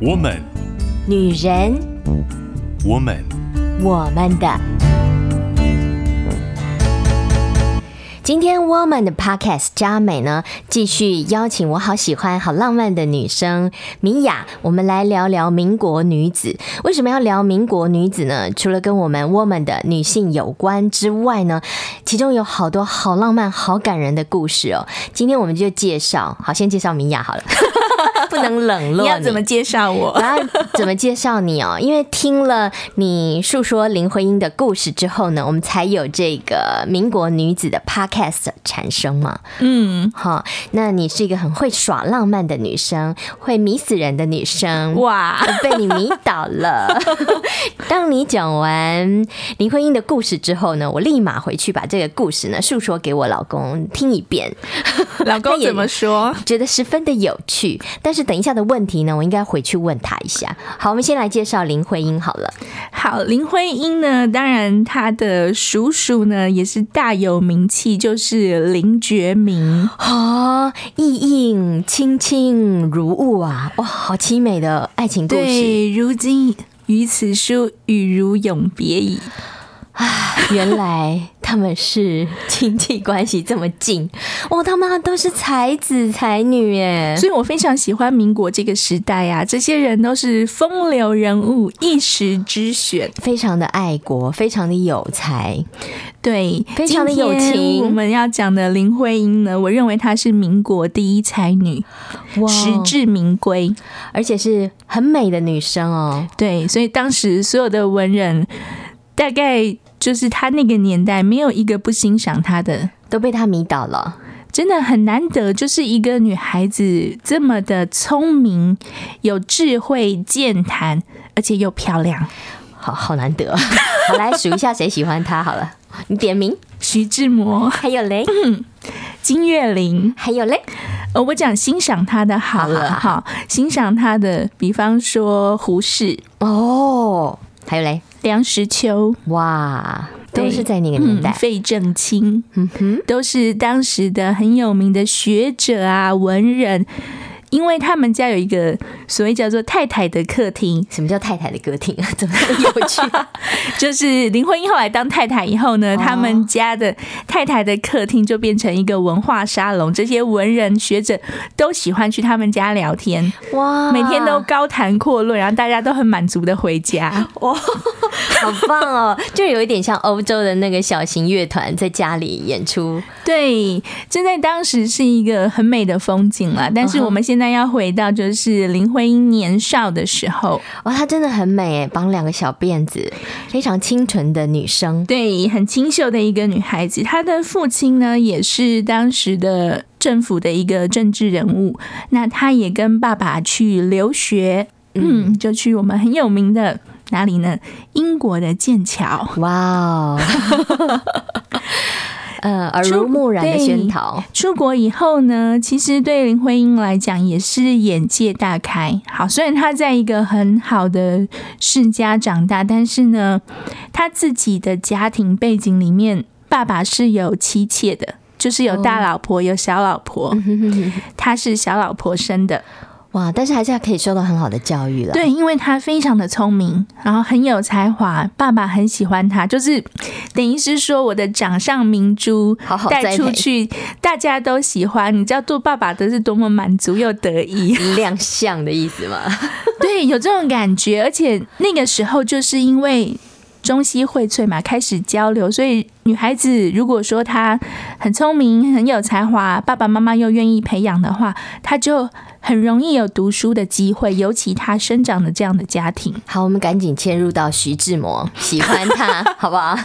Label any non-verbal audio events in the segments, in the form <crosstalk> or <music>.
我們，woman, 女人，我們 woman，我們的，今天 woman 的 podcast 佳美呢，繼續邀請我好喜歡、好浪漫的女生米婭，我們來聊聊民國女子。為什麼要聊民國女子呢？除了跟我們 woman 的女性有關之外呢，其中有好多好浪漫、好感人的故事哦。今天我們就介紹，好，先介紹米婭好了。不能冷落你。你要怎麼介紹我？ <laughs> 我要怎麼介紹你哦？因為聽了你訴說林徽因的故事之後呢，我們才有這個民國女子的 podcast 產生嘛。嗯，好、哦，那你是一個很會耍浪漫的女生，會迷死人的女生哇！ <laughs> 被你迷倒了。 <laughs> 當你講完林徽因的故事之後呢，我立馬回去把這個故事呢訴說給我老公聽一遍。 <laughs> 老公怎麼說？覺得十分的有趣。但是等一下的問題呢，我應該回去問他一下。好，我們先來介紹林徽因好了。好，林徽因呢，當然她的叔叔呢也是大有名氣，就是林覺民。哈、哦，意映卿卿如晤啊，哇，好淒美的愛情故事。對，如今於此書與汝永別矣。唉、啊，原來。 <laughs> 他們是親戚關係這麼近，哇！他們都是才子才女耶，所以我非常喜歡民國這個時代呀、啊。這些人都是風流人物，一時之選，非常的愛國，非常的有才，對，非常的有情。我們要講的林徽因呢，我認為她是民國第一才女，實 Wow, 至名歸，而且是很美的女生哦。對，所以當時所有的文人大概。就是他那個年代，沒有一個不欣賞他的，都被他迷倒了，真的很難得。就是一個女孩子這麼的聰明、有智慧、健談，而且又漂亮，好好難得。我來數一下誰喜歡他好了，你點名。徐志摩，還有嘞？金岳霖，還有嘞？呃，我講欣賞他的好了，好欣賞他的，比方說胡適哦。還有嘞，梁實秋哇，都是在那個年代，嗯、費正清，嗯哼，都是當時的很有名的學者啊，文人。因為他們家有一個所謂叫做太太的客廳，什麼叫太太的客廳啊？怎麼那麼有趣啊？ <laughs> 就是林徽因後來當太太以後呢，哦、他們家的太太的客廳就變成一個文化沙龍，這些文人學者都喜歡去他們家聊天，哇，每天都高談闊論，然後大家都很滿足的回家，哦好棒哦！就有一點像歐洲的那個小型樂團在家裡演出。 <laughs> 對，就在當時是一個很美的風景了。但是我們現在要回到，就是林徽因年少的時候。哇，她真的很美，綁兩個小辮子，非常清純的女生。對，很清秀的一個女孩子。她的父親呢，也是當時的政府的一個政治人物。那她也跟爸爸去留學，嗯，就去我們很有名的。哪裡呢？英國的劍橋。哇哦！呃，耳濡目染的熏陶。出國以後呢，其實對林徽因來講也是眼界大開。好，雖然他在一個很好的世家長大，但是呢，他自己的家庭背景裡面，爸爸是有妻妾的，就是有大老婆有小老婆，oh. <laughs> 他是小老婆生的。哇！但是還是還可以受到很好的教育了。對，因為他非常的聰明，然後很有才華，爸爸很喜歡他，就是等於是說我的掌上明珠，帶出去好好大家都喜歡。你知道做爸爸的是多麼滿足又得意 <laughs> 亮相的意思嗎？ <laughs> 對，有這種感覺。而且那個時候就是因為中西薈萃嘛，開始交流，所以女孩子如果說她很聰明、很有才華，爸爸媽媽又願意培養的話，她就。很容易有讀書的機會，尤其他生長的這樣的家庭。好，我們趕緊切入到徐志摩，喜歡他， <laughs> 好不好？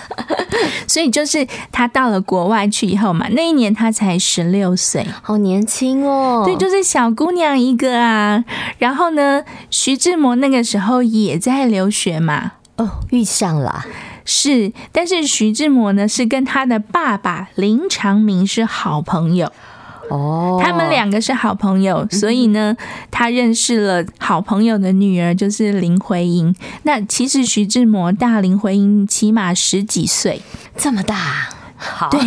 所以就是他到了國外去以後嘛，那一年他才十六歲，好年輕哦。對，就是小姑娘一個啊。然後呢，徐志摩那個時候也在留學嘛。哦，遇上了，是。但是徐志摩呢，是跟他的爸爸林長民是好朋友。哦，他們兩個是好朋友，嗯、哼所以呢，他認識了好朋友的女兒，就是林徽因。那其實徐志摩大林徽因起碼十幾歲，這麼大，好，對，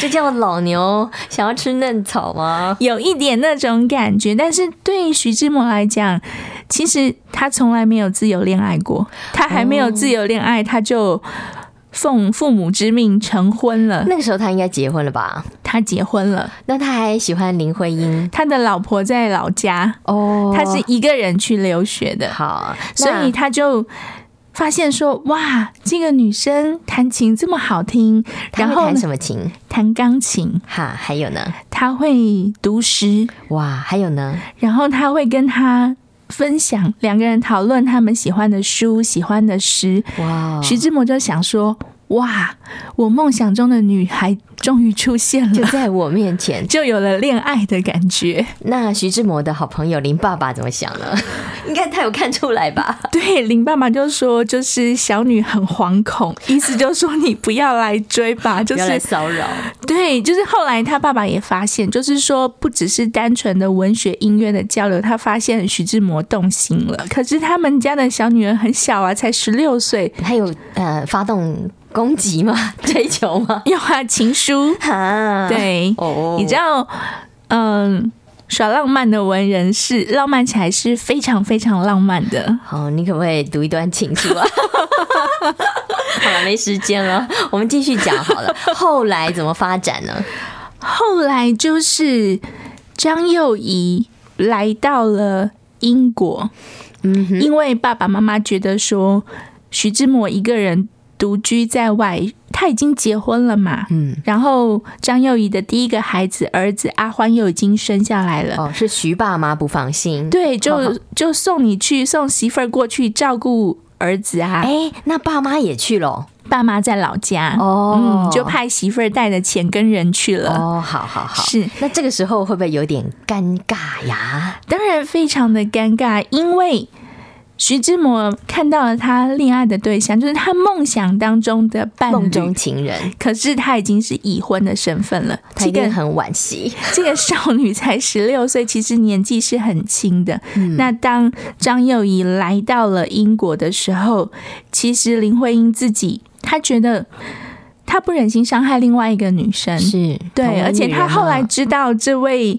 這叫老牛想要吃嫩草嗎？ <laughs> 有一點那種感覺。但是對於徐志摩來講，其實他從來沒有自由戀愛過，他還沒有自由戀愛，他就。哦奉父母之命成婚了，那個時候他應該結婚了吧？他結婚了，那他還喜歡林徽因。他的老婆在老家哦，oh, 他是一個人去留學的，好，oh, 所以他就發現說，那哇，這個女生彈琴這麼好聽，然後彈什麼琴？彈鋼琴。哈，還有呢？他會讀詩。哇，還有呢？然後他會跟他。分享兩個人討論他們喜歡的書、喜歡的詩。哇！Wow. 徐志摩就想說：“哇，我夢想中的女孩終於出現了，就在我面前，就有了戀愛的感覺。”那徐志摩的好朋友林爸爸怎麼想呢？應該他有看出來吧？對，林爸爸就說，就是小女很惶恐，意思就是說你不要來追吧，就是騷擾。對，就是後來他爸爸也發現，就是說不只是單純的文學音樂的交流，他發現徐志摩動心了。可是他們家的小女兒很小啊，才十六歲，他有呃發動攻擊嗎？追求嗎？有啊，情書啊，哈對，oh. 你知道，嗯、呃。耍浪漫的文人是浪漫起來是非常非常浪漫的。好，你可不可以讀一段情書啊？ <laughs> 好了，沒時間了，我們繼續講好了。 <laughs> 後來怎麼發展呢？後來就是張幼儀來到了英國，嗯哼，因為爸爸媽媽覺得說徐志摩一個人獨居在外。他已經結婚了嘛，嗯，然後張幼儀的第一個孩子兒子阿歡又已經生下來了，哦，是徐爸媽不放心，對，就、哦、好就送你去送媳婦兒過去照顧兒子啊，哎，那爸媽也去了，爸媽在老家，哦，嗯，就派媳婦兒帶的錢跟人去了，哦，好好好，是，那這個時候會不會有點尷尬呀？當然非常的尷尬，因為。徐志摩看到了他戀愛的對象，就是他夢想當中的伴侶，夢中情人。可是他已經是已婚的身份了，他一定很惋惜，這個。這個少女才十六歲，其實年紀是很輕的。嗯、那當張幼儀來到了英國的時候，其實林徽因自己她覺得她不忍心傷害另外一個女生，是對，而且她後來知道這位。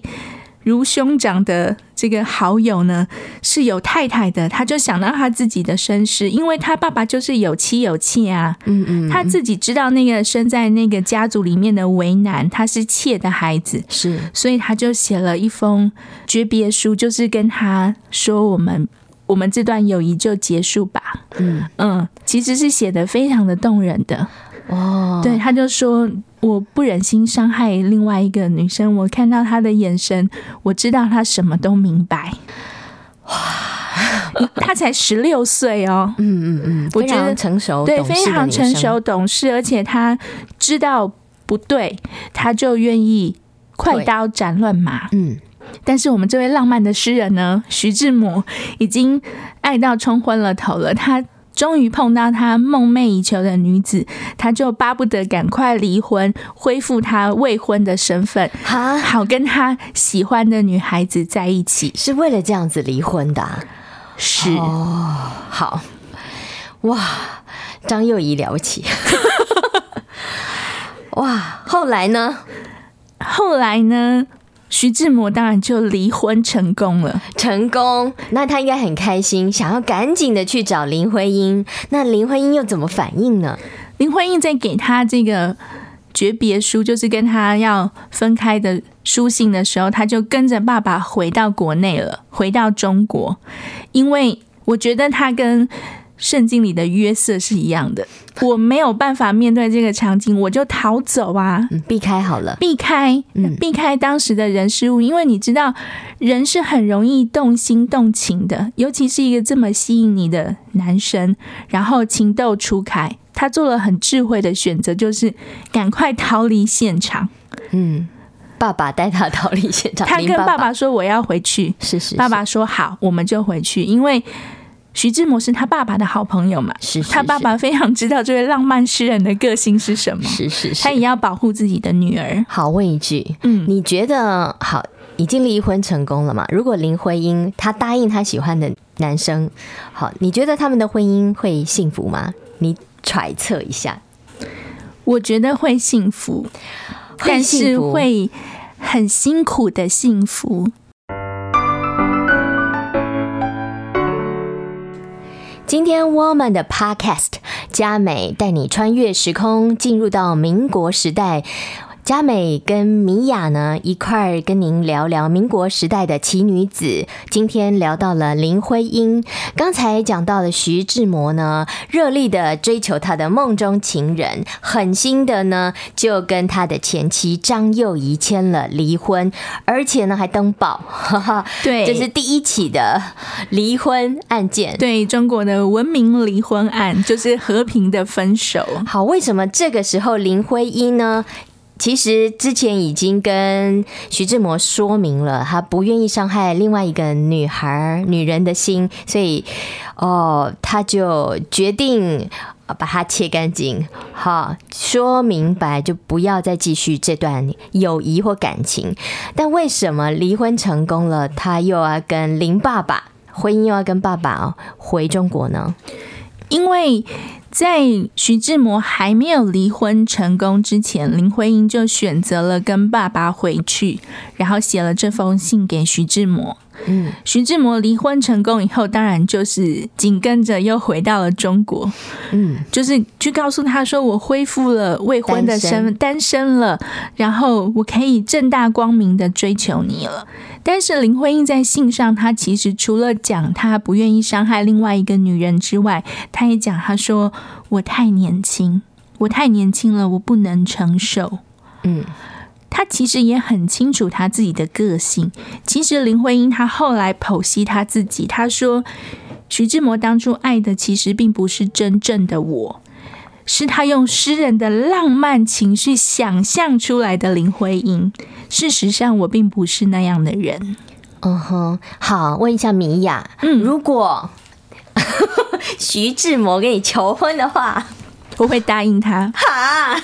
如兄長的這個好友呢，是有太太的，他就想到他自己的身世，因為他爸爸就是有妻有妾啊。嗯嗯，他自己知道那個生在那個家族裡面的為難，他是妾的孩子，是，所以他就寫了一封訣別書，就是跟他說：“我們我們這段友誼就結束吧。”嗯嗯嗯，其實是寫得非常的動人的。哦，對，他就說。我不忍心傷害另外一個女生，我看到她的眼神，我知道她什麼都明白。哇，她才十六歲哦！嗯嗯嗯，我覺得非常成熟，對，非常成熟懂事，而且她知道不對，她就願意快刀斬亂麻。嗯，但是我們這位浪漫的詩人呢，徐志摩已經愛到衝昏了頭了，他。終於碰到他夢寐以求的女子，他就巴不得趕快離婚，恢復他未婚的身份，哈好跟他喜歡的女孩子在一起。是為了這樣子離婚的啊？是。哦，好，哇，張幼儀了不起， <laughs> 哇！後來呢？後來呢？徐志摩當然就離婚成功了，成功。那他應該很開心，想要趕緊的去找林徽因。那林徽因又怎麼反應呢？林徽因在給他這個訣別書，就是跟他要分開的書信的時候，他就跟着爸爸回到國內了，回到中國。因為我覺得他跟。聖經裡的約瑟是一樣的，我沒有辦法面對這個場景，我就逃走啊，嗯、避開好了，避開，嗯、避開當時的人事物，因為你知道人是很容易動心動情的，尤其是一個這麼吸引你的男生，然後情竇初開，他做了很智慧的選擇，就是趕快逃離現場。嗯，爸爸帶他逃離現場，他跟爸爸說我要回去，是是是，爸爸說好，我們就回去，因為。徐志摩是他爸爸的好朋友嘛？是，是，是。他爸爸非常知道這位浪漫詩人的個性是什麼？是是，是，是。他也要保護自己的女兒。好，問一句，嗯，你覺得好，已經離婚成功了嗎？如果林徽因她答應她喜歡的男生，好，你覺得他們的婚姻會幸福嗎？你揣測一下。我覺得會幸福，但是會很辛苦的幸福。今天，我們的 Podcast 佳美帶你穿越時空，進入到民國時代。嘉美跟米婭呢，一塊兒跟您聊聊民國時代的奇女子。今天聊到了林徽因，剛才講到了徐志摩呢，熱烈的追求他的夢中情人，狠心的呢就跟他的前妻張幼儀簽了離婚，而且呢還登報，哈哈，對，這是第一起的離婚案件，對中國的文明離婚案，就是和平的分手。好，為什麼這個時候林徽因呢？其實之前已經跟徐志摩說明了，他不願意傷害另外一個女孩、女人的心，所以，哦，他就決定把它切乾淨，好、哦，說明白，就不要再繼續這段友誼或感情。但為什麼離婚成功了，他又要跟林爸爸婚姻又要跟爸爸、哦、回中國呢？因為。在徐志摩還沒有離婚成功之前，林徽因就選擇了跟爸爸回去，然後寫了這封信給徐志摩。嗯，徐志摩離婚成功以後，當然就是緊跟着又回到了中國。嗯，就是去告訴他說，我恢復了未婚的身份，單身了，然後我可以正大光明的追求你了。但是林徽因在信上，她其實除了講她不願意傷害另外一個女人之外，她也講，她說我太年輕，我太年輕了，我不能承受。嗯。他其實也很清楚他自己的個性。其實林徽因他後來剖析他自己，他說徐志摩當初愛的其實並不是真正的我，是他用詩人的浪漫情緒想象出來的林徽因。事實上我並不是那樣的人。嗯哼，uh-huh. 好，問一下米婭，嗯，如果 <laughs> 徐志摩給你求婚的話。我會答應他，哈，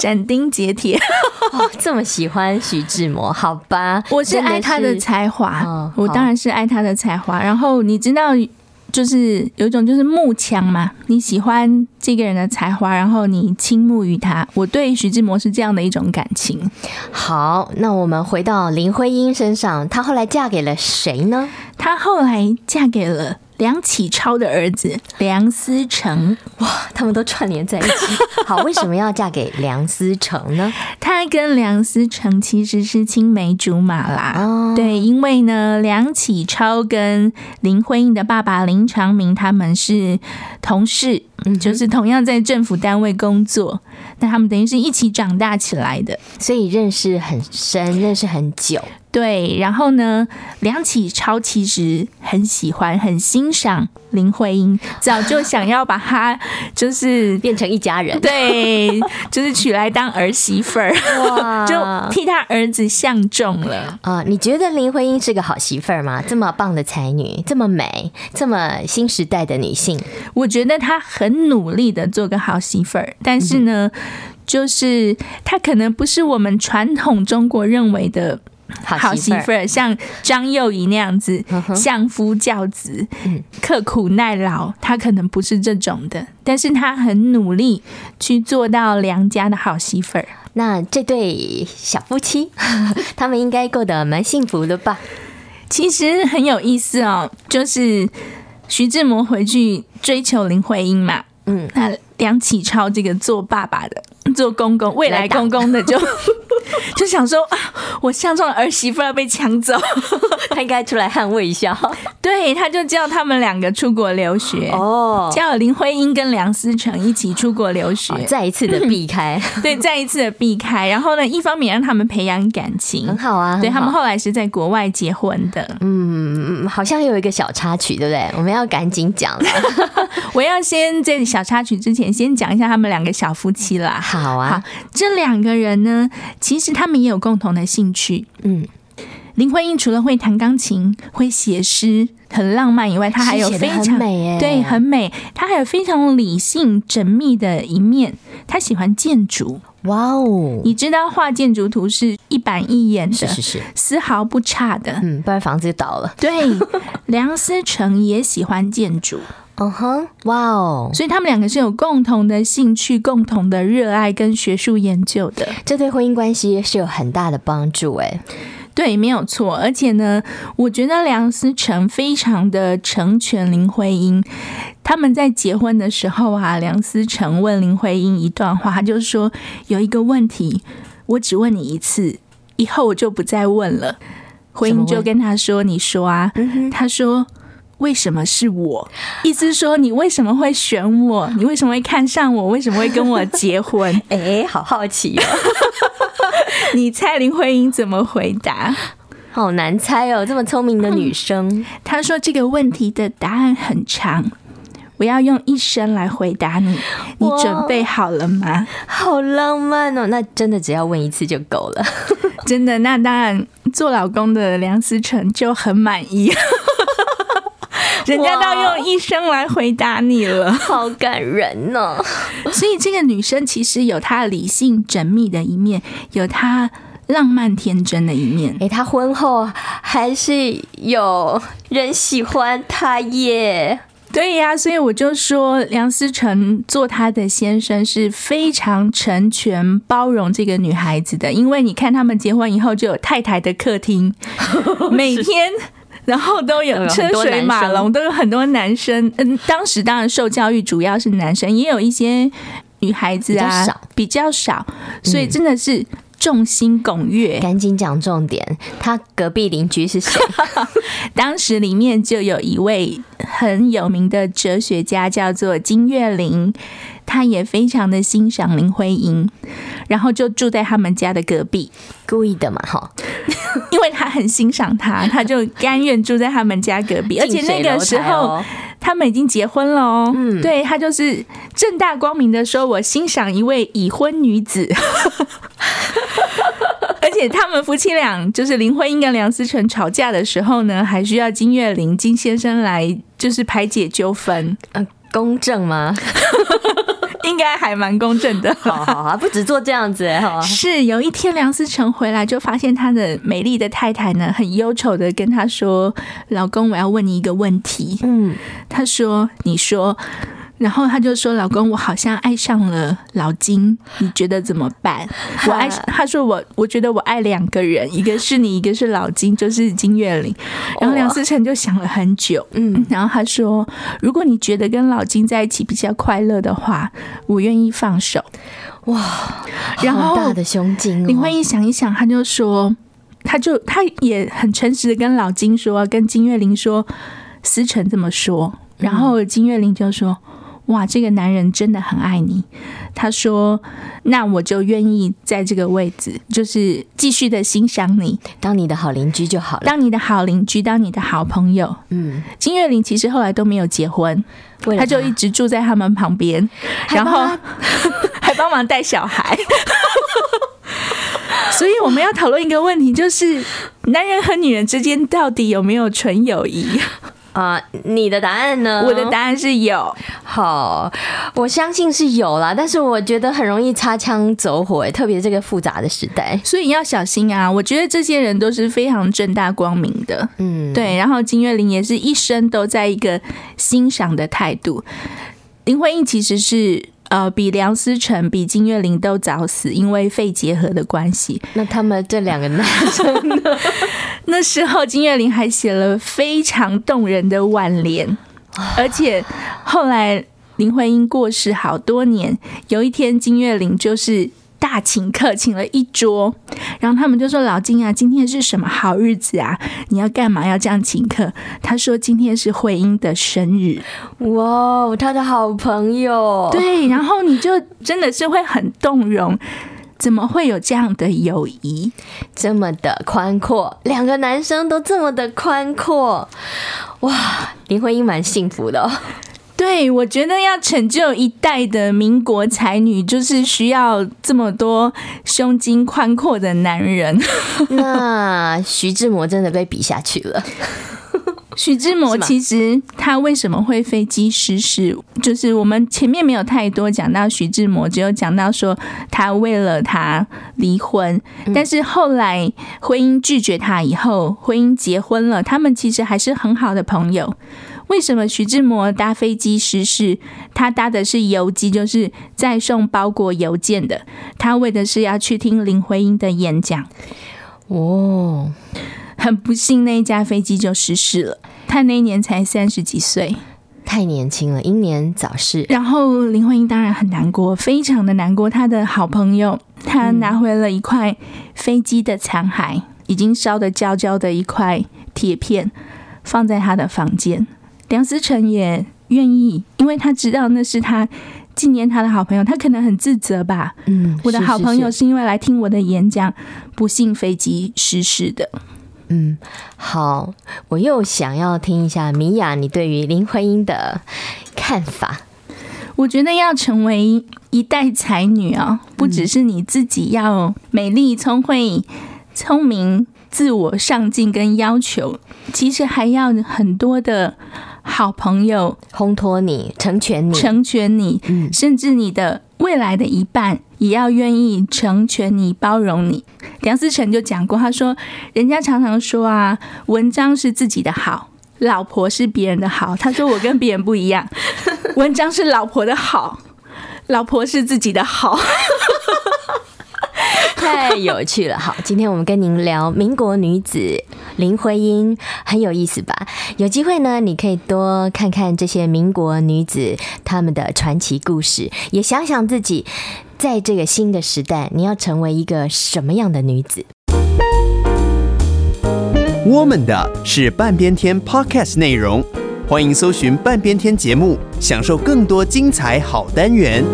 斬釘截鐵。 <laughs> 哦，這麼喜歡徐志摩？好吧，我是愛他的才華，我當然是愛他的才華。嗯、然後你知道，就是有一種就是慕強嘛，嗯、你喜歡這個人的才華，然後你傾慕於他。我對徐志摩是這樣的一種感情。好，那我們回到林徽因身上，她後來嫁給了誰呢？她後來嫁給了。梁啟超的兒子梁思成，哇，他們都串聯在一起。 <laughs> 好，為什麼要嫁給梁思成呢？他跟梁思成其實是青梅竹馬啦。Oh. 對，因為呢，梁啟超跟林徽因的爸爸林長民他們是同事。嗯，就是同樣在政府單位工作，那他們等於是一起長大起來的，所以認識很深，認識很久。對，然後呢，梁啟超其實很喜歡，很欣賞。林徽因早就想要把她就是 <laughs> 變成一家人， <laughs> 對，就是娶來當兒媳婦兒，哇 <laughs> 就替他兒子相中了啊！你覺得林徽因是個好媳婦兒嗎？這麼棒的才女，這麼美，這麼新時代的女性，我覺得她很努力的做個好媳婦兒，但是呢，嗯、哼就是她可能不是我們傳統中國認為的。好媳婦兒，像張幼儀那樣子，uh huh. 相夫教子，刻苦耐勞。她可能不是這種的，但是她很努力去做到良家的好媳婦兒。那這對小夫妻， <laughs> 他們應該過得蠻幸福的吧？其實很有意思哦，就是徐志摩回去追求林徽因嘛。嗯、uh，那、huh. 呃。梁啟超這個做爸爸的、做公公、未來公公的就，就來 <laughs> 就想說啊，我相中的兒媳婦要被搶走， <laughs> 他應該出來捍衛一下。對，他就叫他們兩個出國留學，哦，叫林徽因跟梁思成一起出國留學，哦、再一次的避開，嗯、對，再一次的避開。然後呢，一方面讓他們培養感情，很好啊。對，他們後來是在國外結婚的，嗯，好像有一個小插曲，對不對？我們要趕緊講。我要先在小插曲之前。先講一下他們兩個小夫妻啦。好啊，好，這兩個人呢，其實他們也有共同的興趣。嗯，林徽因除了會彈鋼琴、會寫詩、很浪漫以外，她還有非常美、欸，對，很美。她還有非常理性、縝密的一面。她喜歡建築。哇哦，你知道畫建築圖是一板一眼的，是，是是，絲毫不差的。嗯，不然房子就倒了。對，梁思成也喜歡建築。 <laughs> 嗯哼，哇哦、uh！Huh. Wow. 所以他們兩個是有共同的興趣、共同的熱愛跟學術研究的，這對婚姻關係也是有很大的幫助、欸。哎，對，沒有錯。而且呢，我覺得梁思成非常的成全林徽因。他們在結婚的時候啊，梁思成問林徽因一段話，他就是說有一個問題，我只問你一次，以後我就不再問了。徽因就跟他說：“麼你說啊。嗯哼”他說。為什麼是我？意思說，你為什麼會選我？你為什麼會看上我？為什麼會跟我結婚？哎、 <laughs> 欸，好好奇哦！ <laughs> 你猜林徽因怎麼回答？好難猜哦，這麼聰明的女生、嗯，她說這個問題的答案很長，我要用一生來回答你。你準備好了嗎？好浪漫哦！那真的只要問一次就夠了， <laughs> 真的。那當然，做老公的梁思成就很滿意。人家都用一生來回答你了，Wow, 好感人呢、啊。所以這個女生其實有她理性縝密的一面，有她浪漫天真的一面。誒、欸，她婚後還是有人喜歡她耶？對呀，所以我就說梁思成做她的先生是非常成全包容這個女孩子的，因為你看他們結婚以後就有太太的客廳， <laughs> 是每天。然後都有車水馬龍，都有很多男生。嗯，當時當然受教育主要是男生，也有一些女孩子啊，比較，比較少，所以真的是眾星拱月。趕緊講重點，他隔壁鄰居是誰？ <laughs> 當時裡面就有一位很有名的哲學家，叫做金岳霖。他也非常的欣賞林徽因，然後就住在他們家的隔壁，故意的嘛，哈， <laughs> 因為他很欣賞他，他就甘願住在他們家隔壁。哦、而且那個時候他們已經結婚了，嗯，對，他就是正大光明的說，我欣賞一位已婚女子， <laughs> <laughs> 而且他們夫妻倆就是林徽因跟梁思成吵架的時候呢，還需要金岳霖金先生來就是排解糾紛，嗯，公正嗎？ <laughs> 應該還蠻公正的好好、啊，好不止做這樣子、欸啊、是有一天梁思成回來，就發現他的美麗的太太呢，很憂愁的跟他說：“老公，我要問你一個問題。”嗯，他說：“你說。”然後他就說：“老公，我好像愛上了老金，你覺得怎麼辦？”他我愛他說我，我覺得我愛兩個人，一個是你，一個是老金，就是金岳霖。哦、然後梁思成就想了很久，嗯，然後他說：“如果你覺得跟老金在一起比較快樂的話，我願意放手。”哇，然後好大的胸襟、哦，林徽因想一想，他就說，他就他也很誠實的跟老金說，跟金岳霖說，思成這麼說，然後金岳霖就說。嗯哇，這個男人真的很愛你。他說：“那我就願意在這個位置，就是繼續的欣賞你，當你的好鄰居就好了，當你的好鄰居，當你的好朋友。”嗯，金岳霖其實後來都沒有結婚，他，他就一直住在他們旁邊，幫然後 <laughs> 還幫忙帶小孩。 <laughs> 所以我們要討論一個問題，就是男人和女人之間到底有沒有純友誼？啊，uh, 你的答案呢？我的答案是有。好，我相信是有啦，但是我覺得很容易擦槍走火，欸，哎，特別這個複雜的時代，所以要小心啊。我覺得這些人都是非常正大光明的，嗯，對。然後金岳霖也是一生都在一個欣賞的態度，林徽因其實是。呃，比梁思成、比金岳霖都早死，因為肺結核的關係。那他們這兩個男生呢？ <laughs> 那時候金岳霖還寫了非常動人的輓聯， <laughs> 而且後來林徽因過世好多年，有一天金岳霖就是。大請客，請了一桌，然後他們就說：“老金啊，今天是什麼好日子啊？你要幹嘛要這樣請客？”他說：“今天是徽因的生日。”哇，他的好朋友對，然後你就真的是會很動容，怎麼會有這樣的友誼這麼的寬闊？兩個男生都這麼的寬闊，哇！林徽因蠻幸福的哦。對，我覺得要成就一代的民國才女，就是需要這麼多胸襟寬闊的男人。 <laughs> 那徐志摩真的被比下去了。徐 <laughs> 志摩其實他為什麼會飛機失事，是嗎就是我們前面沒有太多講到徐志摩，只有講到說他為了他離婚，嗯、但是後來徽因拒絕他以後，徽因結婚了，他們其實還是很好的朋友。為什麼徐志摩搭飛機失事？他搭的是郵機，就是在送包裹郵件的。他為的是要去聽林徽因的演講。哦，很不幸，那一架飛機就失事了。他那一年才三十幾歲，太年輕了，英年早逝。然後林徽因當然很難過，非常的難過。他的好朋友，他拿回了一塊飛機的殘骸，嗯、已經燒得焦焦的一塊鐵片，放在他的房間。梁思成也願意，因為他知道那是他紀念他的好朋友。他可能很自責吧？嗯，是是是，我的好朋友是因為來聽我的演講，是是不幸飛機失事的。嗯，好，我又想要聽一下米婭，你對於林徽因的看法。我覺得要成為一代才女啊、哦，不只是你自己要美麗、聰慧、聰明、自我上進跟要求，其實還要很多的。好朋友烘托你，成全你，成全你，甚至你的未來的一半也要願意成全你、包容你。梁思成就講過，他說：“人家常常說啊，文章是自己的好，老婆是別人的好。他說我跟別人不一樣， <laughs> 文章是老婆的好，老婆是自己的好。 <laughs> ” <laughs> 太有趣了！好，今天我們跟您聊民國女子。林徽因很有意思吧？有機會呢，你可以多看看這些民國女子她們的傳奇故事，也想想自己在這個新的時代，你要成為一個什麼樣的女子？窩們的是半邊天 Podcast 內容，歡迎搜尋“半邊天”節目，享受更多精彩好單元。